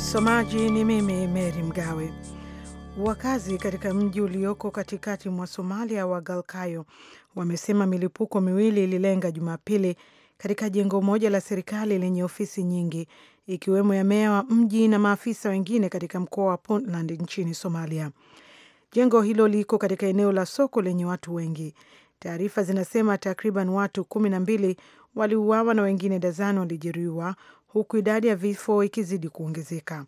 Msomaji ni mimi Meri Mgawe. Wakazi katika mji ulioko katikati mwa Somalia wa Galkayo wamesema milipuko miwili ililenga Jumapili katika jengo moja la serikali lenye ofisi nyingi ikiwemo ya meya wa mji na maafisa wengine katika mkoa wa Puntland nchini Somalia. Jengo hilo liko katika eneo la soko lenye watu wengi. Taarifa zinasema takriban watu kumi na mbili waliuawa na wengine dazani walijeruhiwa huku idadi ya vifo ikizidi kuongezeka.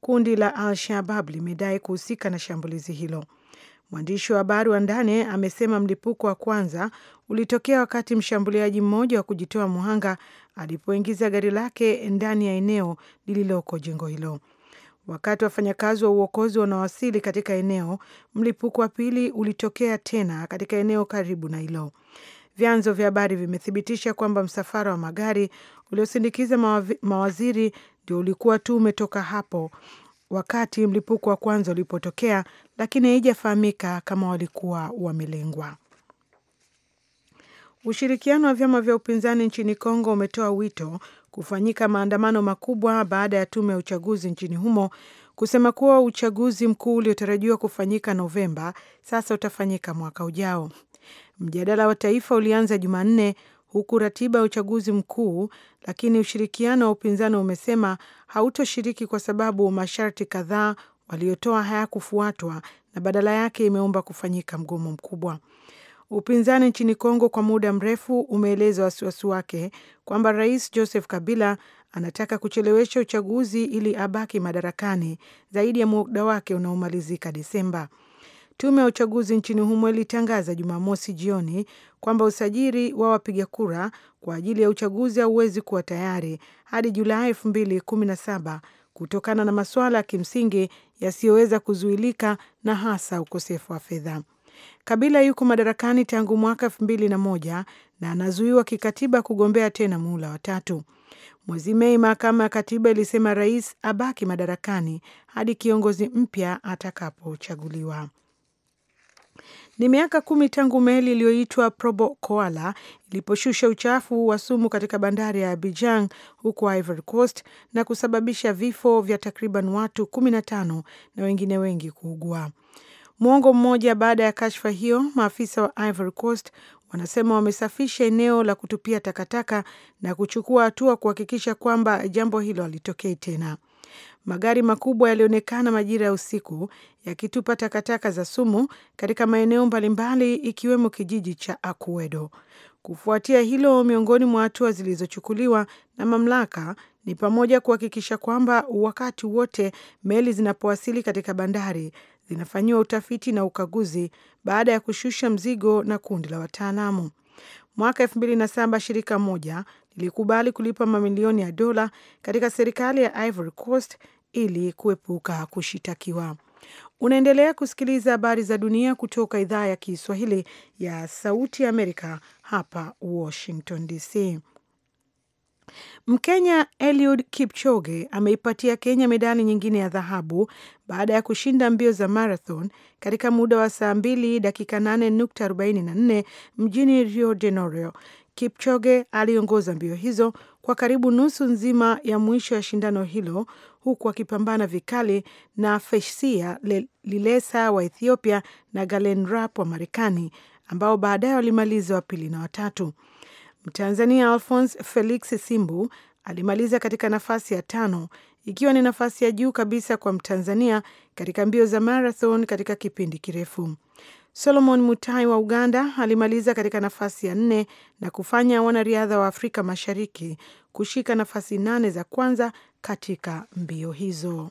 Kundi la Al-Shabab limedai kuhusika na shambulizi hilo. Mwandishi wa habari wa ndani amesema mlipuko wa kwanza ulitokea wakati mshambuliaji mmoja wa kujitoa muhanga alipoingiza gari lake ndani ya eneo lililoko jengo hilo. Wakati wafanyakazi wa uokozi wanawasili katika eneo, mlipuko wa pili ulitokea tena katika eneo karibu na hilo. Vyanzo vya habari vimethibitisha kwamba msafara wa magari uliosindikiza mawaziri ndio ulikuwa tu umetoka hapo wakati mlipuko wa kwanza ulipotokea, lakini haijafahamika kama walikuwa wamelengwa. Ushirikiano wa vyama vya upinzani nchini Kongo umetoa wito kufanyika maandamano makubwa baada ya tume ya uchaguzi nchini humo kusema kuwa uchaguzi mkuu uliotarajiwa kufanyika Novemba sasa utafanyika mwaka ujao. Mjadala wa taifa ulianza Jumanne huku ratiba ya uchaguzi mkuu, lakini ushirikiano wa upinzani umesema hautoshiriki kwa sababu masharti kadhaa waliotoa hayakufuatwa na badala yake imeomba kufanyika mgomo mkubwa. Upinzani nchini Kongo kwa muda mrefu umeeleza wasiwasi wake kwamba Rais Joseph Kabila anataka kuchelewesha uchaguzi ili abaki madarakani zaidi ya muda wake unaomalizika Desemba. Tume ya uchaguzi nchini humo ilitangaza Jumamosi jioni kwamba usajili wa wapiga kura kwa ajili ya uchaguzi hauwezi kuwa tayari hadi Julai 2017 kutokana na masuala ya kimsingi yasiyoweza kuzuilika na hasa ukosefu wa fedha. Kabila yuko madarakani tangu mwaka 2001 na anazuiwa kikatiba kugombea tena muhula watatu. Mwezi Mei, mahakama ya katiba ilisema rais abaki madarakani hadi kiongozi mpya atakapochaguliwa. Ni miaka kumi tangu meli iliyoitwa Probo Koala iliposhusha uchafu wa sumu katika bandari ya Abidjan huko Ivory Coast na kusababisha vifo vya takriban watu kumi na wengine wengi kuugua. Mwongo mmoja baada ya kashfa hiyo, maafisa wa Ivory Coast wanasema wamesafisha eneo la kutupia takataka na kuchukua hatua kuhakikisha kwamba jambo hilo halitokei tena. Magari makubwa yalionekana majira ya usiku yakitupa takataka za sumu katika maeneo mbalimbali ikiwemo kijiji cha Akuedo. Kufuatia hilo, miongoni mwa hatua zilizochukuliwa na mamlaka ni pamoja kuhakikisha kwamba wakati wote meli zinapowasili katika bandari zinafanyiwa utafiti na ukaguzi baada ya kushusha mzigo na kundi la wataalamu. Mwaka elfu mbili na saba shirika moja lilikubali kulipa mamilioni ya dola katika serikali ya Ivory Coast ili kuepuka kushitakiwa. Unaendelea kusikiliza habari za dunia kutoka idhaa ya Kiswahili ya Sauti Amerika hapa Washington DC. Mkenya Eliud Kipchoge ameipatia Kenya medali nyingine ya dhahabu baada ya kushinda mbio za marathon katika muda wa saa 2 dakika 8.44 mjini Rio de Janeiro Kipchoge aliongoza mbio hizo kwa karibu nusu nzima ya mwisho ya shindano hilo huku akipambana vikali na fesia Lilesa wa Ethiopia na Galen rap wa Marekani ambao baadaye walimaliza wa pili na watatu. Mtanzania Alphonse Felix Simbu alimaliza katika nafasi ya tano ikiwa ni nafasi ya juu kabisa kwa Mtanzania katika mbio za marathon katika kipindi kirefu. Solomon Mutai wa Uganda alimaliza katika nafasi ya nne na kufanya wanariadha wa Afrika Mashariki kushika nafasi nane za kwanza katika mbio hizo.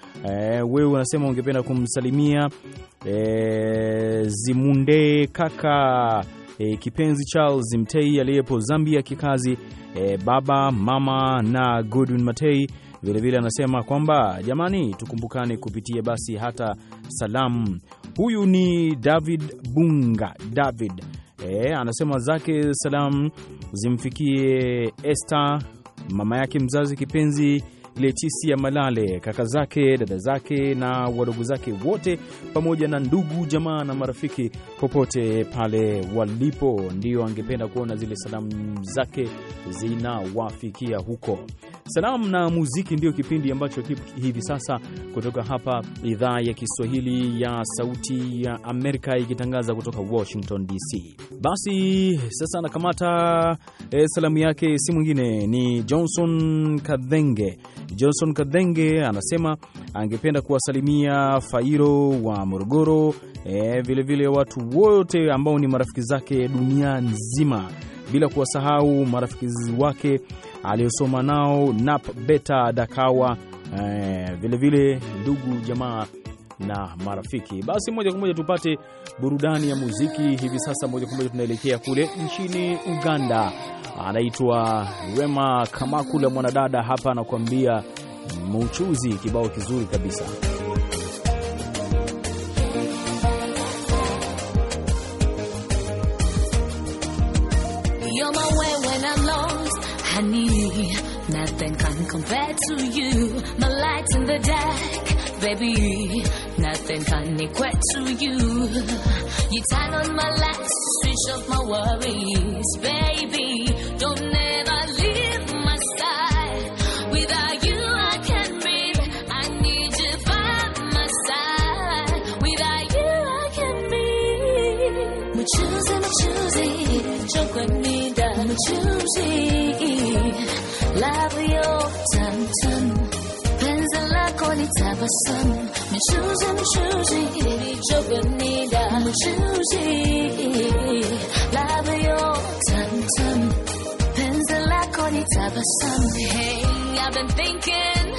E, wewe unasema ungependa kumsalimia e, Zimunde kaka e, kipenzi Charles Mtei aliyepo Zambia kikazi e, baba mama na Godwin Matei vilevile anasema kwamba jamani, tukumbukane kupitia basi hata salamu. Huyu ni David Bunga David e, anasema zake salamu zimfikie Esther mama yake mzazi kipenzi Letisia Malale, kaka zake, dada zake na wadogo zake wote, pamoja na ndugu jamaa na marafiki popote pale walipo, ndio angependa kuona zile salamu zake zinawafikia huko. Salamu na muziki ndio kipindi ambacho kipo hivi sasa kutoka hapa idhaa ya Kiswahili ya Sauti ya Amerika ikitangaza kutoka Washington DC. Basi sasa anakamata e, eh, salamu yake si mwingine ni Johnson Kadhenge Johnson Kadhenge anasema angependa kuwasalimia Fairo wa Morogoro, vilevile vile watu wote ambao ni marafiki zake dunia nzima, bila kuwasahau marafiki wake aliyosoma nao nap beta Dakawa, vilevile vile ndugu jamaa na marafiki. Basi moja kwa moja tupate burudani ya muziki hivi sasa. Moja kwa moja tunaelekea kule nchini Uganda, anaitwa Rema Kamakula, mwanadada hapa anakuambia Muchuzi, kibao kizuri kabisa. baby. nothing funny quite to you. You turn on my lights, switch off my worries, baby. Don't ever leave my side. Without you, I can't breathe. I need you by my side. Without you, I can't breathe. We're choosing, we're choosing. 조건이다, we're choosing. Love your time, time. 펜슬라 권이 잡았어. Music, music, 해비적입니다. Music, 라브요, 탐탐, 펜슬라코니 잡았음. Hey, I've been thinking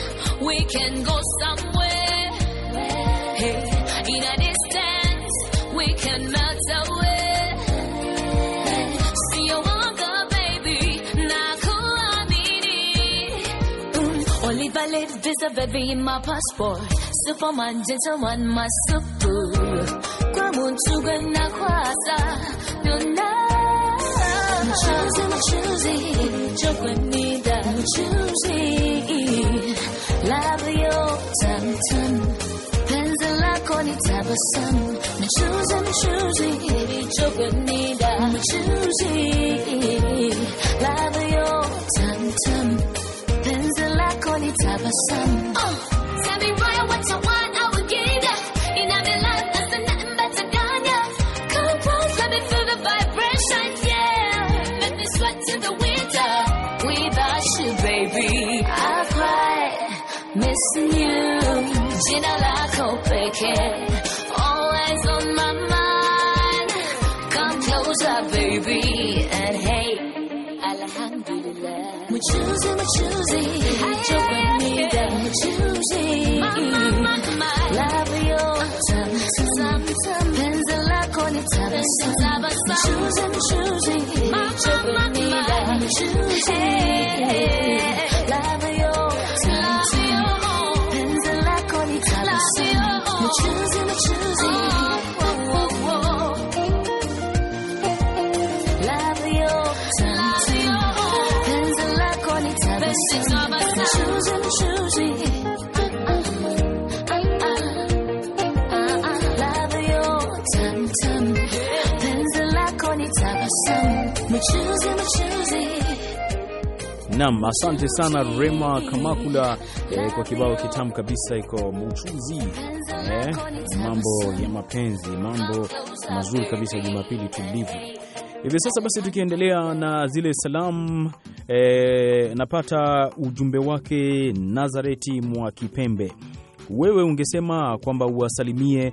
we can go somewhere. Hey, in a distance, we can melt away. See you on the baby, na kuamini. Only valid visa, baby, in my passport. Superman, gentleman, super. masupu Kwa munchuga na kwasa Nuna Mchuzi, mchuzi Chokwe nida Mchuzi choosing, love Penzi lako ni tabasamu Mchuzi, mchuzi Chokwe nida Mchuzi Labio tamtam Penzi lako ni tabasamu Oh, tell me right I like so picking. Always on my mind. Come closer, baby. And hey, Alhamdulillah. We're choosing, we're choosing. Yo when me that we're choosing. Love you. Penzel ako ni Tabasa. We're choosing, we're choosing. Yo when me that we're choosing. Naam, asante sana Rema Kamakula eh, kwa kibao kitamu kabisa iko mchuzi eh, mambo ya mapenzi, mambo mazuri kabisa, Jumapili tulivu hivi sasa. Basi tukiendelea na zile salamu eh, napata ujumbe wake Nazareti mwa Kipembe, wewe ungesema kwamba uwasalimie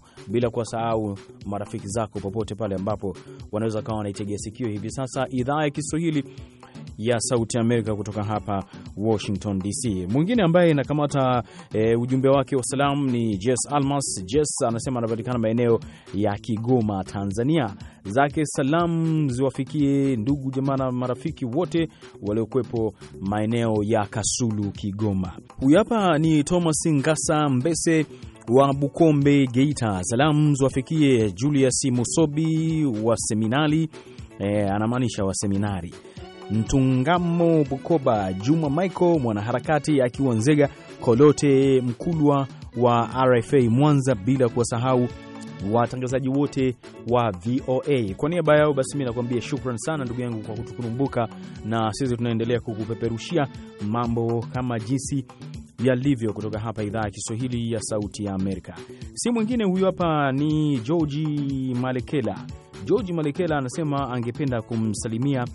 bila kuwasahau marafiki zako popote pale ambapo wanaweza kawa wanaitegea sikio hivi sasa idhaa ya Kiswahili ya Sauti Amerika kutoka hapa Washington DC. Mwingine ambaye inakamata e, ujumbe wake wa salam ni Jess Almas. Jess anasema anapatikana maeneo ya Kigoma, Tanzania. Zake salamu ziwafikie ndugu jamaa na marafiki wote waliokuwepo maeneo ya Kasulu, Kigoma. Huyu hapa ni Thomas Ngasa Mbese wa Bukombe, Geita. Salamu ziwafikie Julius Musobi wa seminari, e, anamaanisha wa seminari Mtungamo Bukoba, Juma Michael mwanaharakati akiwa Nzega, Kolote Mkulwa wa RFA Mwanza, bila kuwasahau watangazaji wote wa VOA. Kwa niaba yao basi, mimi nakwambia shukran sana ndugu yangu kwa kutukumbuka, na sisi tunaendelea kukupeperushia mambo kama jinsi yalivyo kutoka hapa idhaa ya Kiswahili ya Sauti ya Amerika. Si mwingine huyu hapa ni Georgi Malekela. Georgi Malekela anasema angependa kumsalimia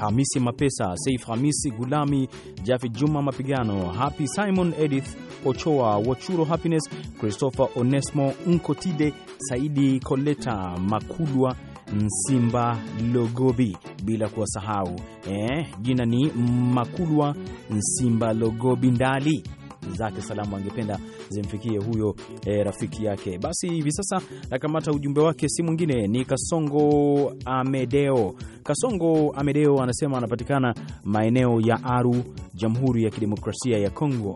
Hamisi Mapesa, Saif Hamisi Gulami, Jafi Juma Mapigano, Happy Simon, Edith Ochoa, Wachuro Happiness, Christopher Onesmo Nkotide, Saidi Koleta Makulwa Nsimba Logobi, bila kuwasahau eh, jina ni Makulwa Nsimba Logobi Ndali zake salamu angependa zimfikie huyo e, rafiki yake. Basi hivi sasa nakamata ujumbe wake, si mwingine ni Kasongo Amedeo. Kasongo Amedeo anasema anapatikana maeneo ya Aru, Jamhuri ya Kidemokrasia ya Kongo.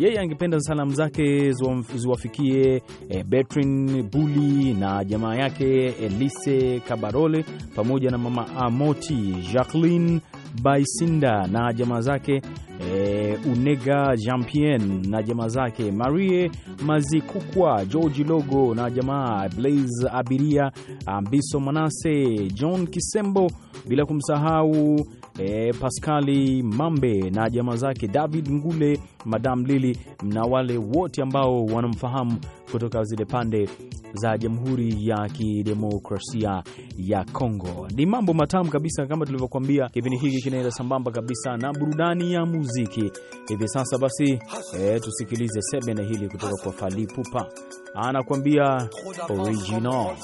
Yeye angependa salamu zake ziwafikie e, eh, Betrin Buli na jamaa yake Elise Kabarole pamoja na mama Amoti Jacqueline Baisinda na jamaa zake e, Unega Jampien na jamaa zake, Marie Mazikukwa, George Logo na jamaa, Blaze Abiria, Ambiso Manase, John Kisembo, bila kumsahau e, eh, Paskali Mambe na jamaa zake, David Ngule, Madam Lili na wale wote ambao wanamfahamu kutoka zile pande za Jamhuri ya Kidemokrasia ya Kongo. Ni mambo matamu kabisa, kama tulivyokuambia, kipindi hiki kinaenda sambamba kabisa na burudani ya muziki muziki hivi sasa. Basi e, tusikilize sebene hili kutoka kwa Fally Ipupa, anakuambia original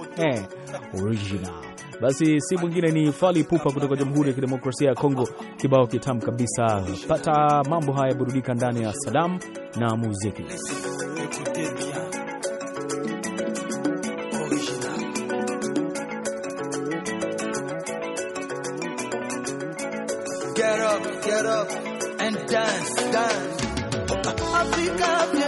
original. Basi si mwingine ni Fali Pupa kutoka Jamhuri ya Kidemokrasia ya Kongo, kibao kitamu kabisa. Pata mambo haya, burudika ndani ya Salam na muziki. up, get up and dance, dance. Africa.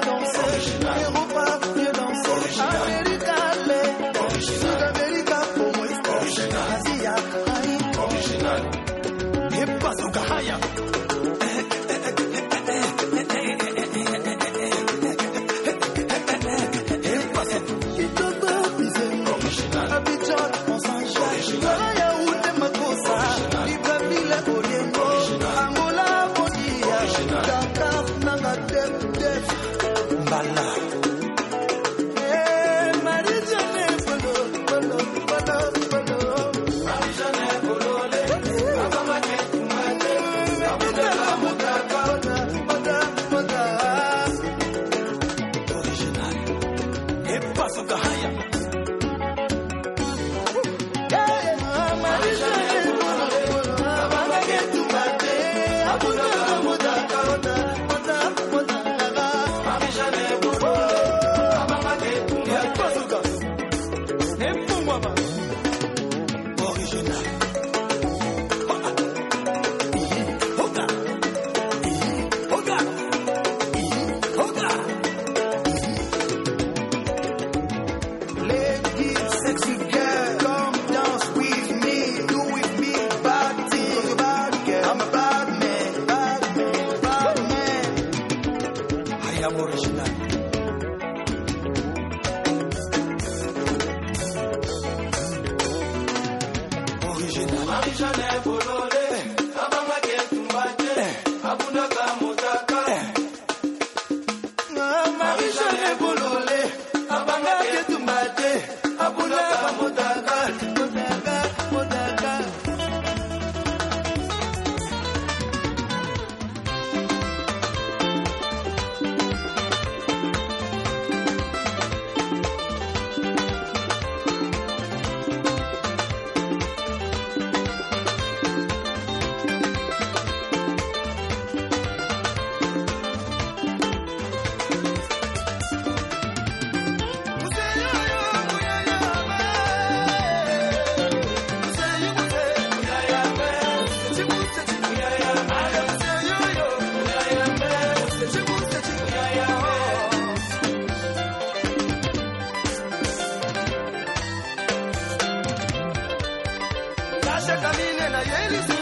se caminen la Yelis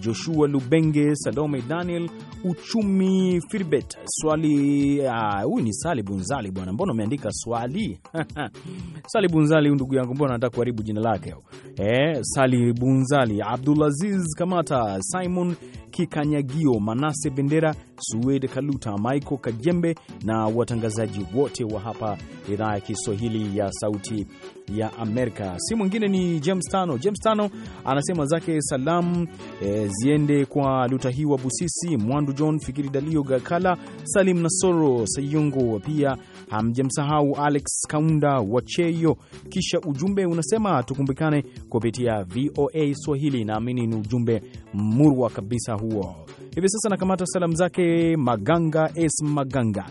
Joshua Lubenge, Salome Daniel Uchumi Firbet swali. Ah, huyu uh, ni Sali Bunzali. Bwana, mbona umeandika swali? Sali Bunzali, ndugu yangu, mbona nataka kuharibu jina lake? Eh, Sali Bunzali, Abdulaziz Kamata, Simon Kikanyagio, Manase Bendera, Suwed Kaluta, Michael Kajembe na watangazaji wote wa hapa idhaa ya Kiswahili ya Sauti ya Amerika. Si mwingine ni James Tano. James Tano anasema zake salamu e, ziende kwa luta hiwa Busisi, Mwandu John, Fikiri Dalio, Gakala Salim, Nasoro Sayungo, pia hamjemsahau Alex Kaunda Wacheyo. Kisha ujumbe unasema tukumbikane kupitia VOA Swahili. Naamini ni ujumbe murwa kabisa huo. Hivi sasa nakamata salamu zake Maganga S Maganga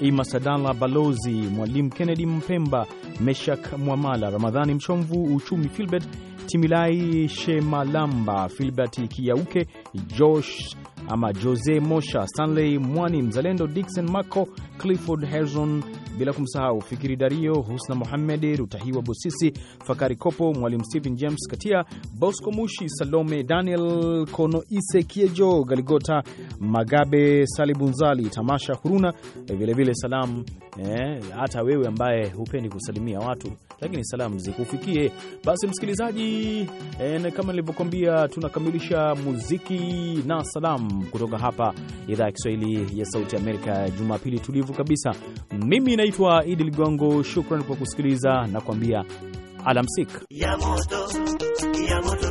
Imasadala Balozi, Mwalimu Kennedy Mpemba, Meshak Mwamala, Ramadhani Mchomvu, Uchumi Filbert Timilai, Shemalamba Filbert Kiauke, Josh ama Jose Mosha, Stanley Mwani, Mzalendo Dixon maco Clifford herzon bila kumsahau Fikiri Dario, Husna Mohamed, Rutahiwa Bosisi, Fakari Kopo, Mwalimu Stephen James Katia, Bosco Mushi, Salome Daniel Konoise, Kiejo Galigota Magabe, Salibunzali Tamasha Huruna, vilevile salamu eh, hata wewe ambaye hupendi kusalimia watu, lakini salamu zikufikie. Basi msikilizaji, eh, kama nilivyokuambia, tunakamilisha muziki na salamu kutoka hapa idhaa ya Kiswahili ya Sauti Amerika, Jumapili tulivu kabisa. Mimi naitwa Idi Ligongo, shukran kwa kusikiliza na kuambia alamsik ya ya moto, ya moto.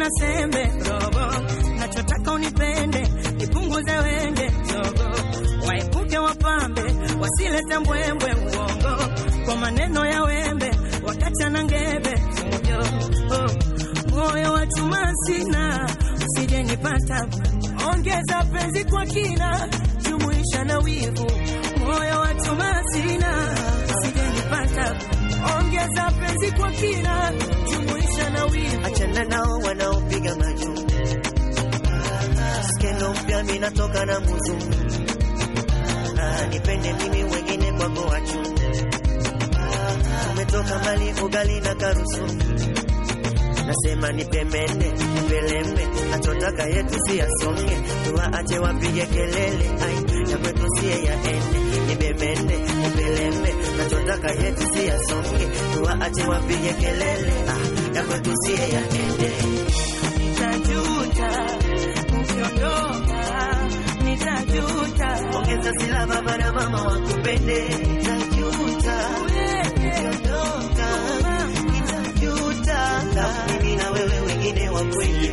sina sembe robo, nachotaka unipende, nipunguze wende robo, waepuke wapambe, wasilete mbwembwe uongo kwa maneno ya wembe, wakati na ngebe ujo oh, moyo wa chuma sina, usije nipata, ongeza penzi kwa kina, jumuisha na wivu, moyo wa chuma sina, usije nipata, ongeza penzi kwa kina, jumuisha na wivu, achana nao wanaopiga majuu. Skendo mpya minatoka na nguzu, ah, nipende mimi wengine kwako wachu. Umetoka mbali ugali na karusu, nasema nipemene nipelembe, achotaka yetu siyasonge, tuwaache wapige kelele, ai ya kwetu siye yaende Nibebene, nipeleme, nachotaka yetu siyasonge, tuwaache wapige kelele ah na madosie yaende. Nitajuta ukiondoka, nitajuta. Ongeza silaha baba na mama wakupende. Nitajuta ukiondoka, nitajuta. Mimi na wewe wengine wakwende,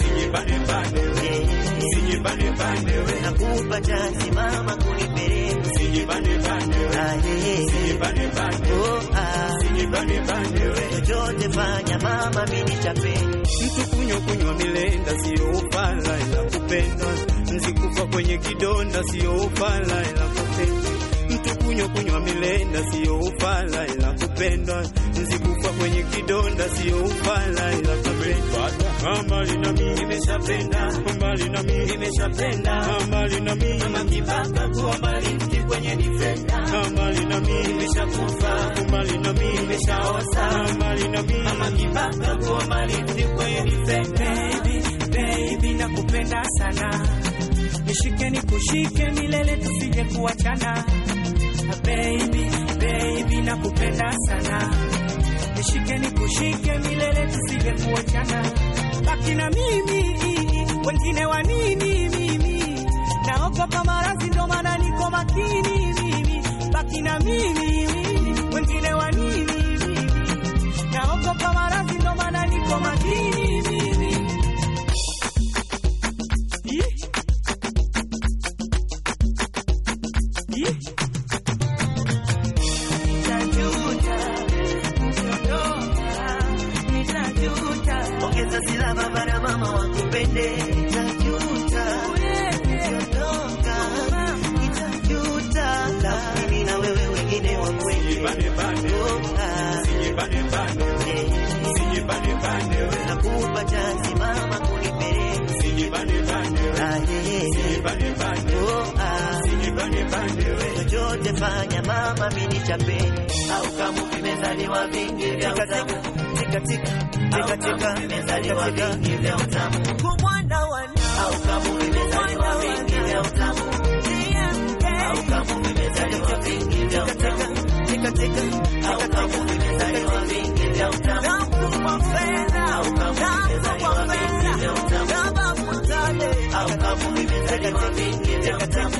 sijibane bane, sijibane bane, nakupa chansi mama kuni Chochote fanya mama, mimi chape mtu kunywa kunywa milenda, sio upala ila kupenda, mzikufa kwenye kidonda, sio upala ila kunywa kunywa milenda, sio ufala ila kupendwa. Nzikufa kwenye kidonda, sio ufala ila kupendwa. Mama lina mimi nimeshapenda, mama lina mimi nimeshapenda, mama lina mimi mama kwa kuwa mti kwenye nifenda mama lina mimi nimeshakufa, mama lina mimi nimeshaosa, mama lina mimi mama kwa kuwa mti kwenye nifenda Baby baby nakupenda sana, nishike nikushike milele tusije kuachana Baby, baby nakupenda sana, nishike nikushike milele tusije kuachana, baki na mimi, wengine wa nini? Mimi naogopa maradhi, ndo maana niko makini mimi, baki na mimi, wengine wa nini? Naogopa maradhi, ndo maana niko makini Chochote fanya mama, mini chapeni au kama vimezaliwa vingi vya utamu, tikatika tikatika, vimezaliwa vingi vya utamu ukamua vingi vya utamu, ukamua vimezaliwa vingi vya utamu, ukamua vimezaliwa vingi vya utamu, ukamua vimezaliwa vingi vya utamu, ukamua vimezaliwa vingi vya utamu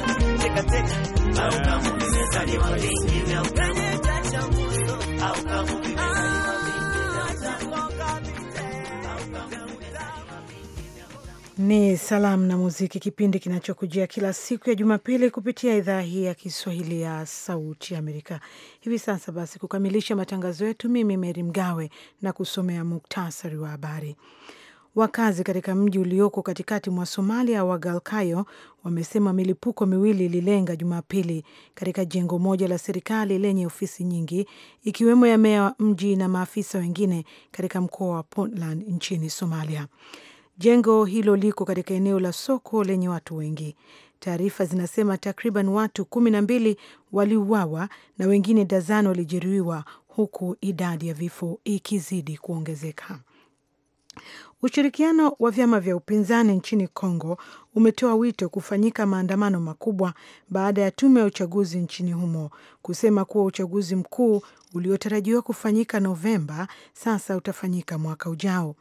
Ni salamu na muziki, kipindi kinachokujia kila siku ya Jumapili kupitia idhaa hii ya Kiswahili ya Sauti Amerika. Hivi sasa basi, kukamilisha matangazo yetu, mimi Meri Mgawe na kusomea muktasari wa habari. Wakazi katika mji ulioko katikati mwa Somalia wa Galkayo wamesema milipuko miwili ililenga Jumapili katika jengo moja la serikali lenye ofisi nyingi ikiwemo ya meya wa mji na maafisa wengine katika mkoa wa Puntland nchini Somalia. Jengo hilo liko katika eneo la soko lenye watu wengi. Taarifa zinasema takriban watu kumi na mbili waliuawa na wengine dazani walijeruhiwa huku idadi ya vifo ikizidi kuongezeka. Ushirikiano wa vyama vya upinzani nchini Kongo umetoa wito kufanyika maandamano makubwa baada ya tume ya uchaguzi nchini humo kusema kuwa uchaguzi mkuu uliotarajiwa kufanyika Novemba sasa utafanyika mwaka ujao.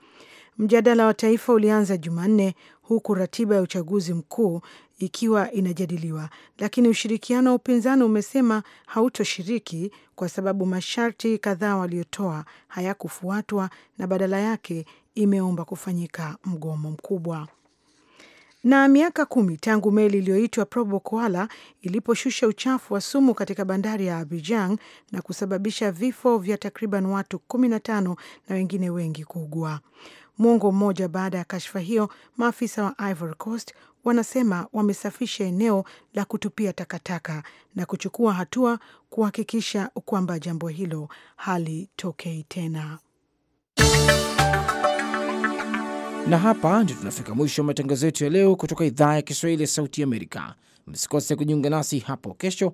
Mjadala wa taifa ulianza Jumanne huku ratiba ya uchaguzi mkuu ikiwa inajadiliwa, lakini ushirikiano wa upinzani umesema hautoshiriki kwa sababu masharti kadhaa waliotoa hayakufuatwa na badala yake imeomba kufanyika mgomo mkubwa. Na miaka kumi tangu meli iliyoitwa Probo Koala iliposhusha uchafu wa sumu katika bandari ya Abidjan na kusababisha vifo vya takriban watu tano na wengine wengi kuugua. Mwongo mmoja baada ya kashfa hiyo, maafisa wa Ivory Coast wanasema wamesafisha eneo la kutupia takataka na kuchukua hatua kuhakikisha kwamba jambo hilo halitokei tena. Na hapa ndio tunafika mwisho wa matangazo yetu ya leo kutoka idhaa ya Kiswahili ya Sauti Amerika. Msikose kujiunga nasi hapo kesho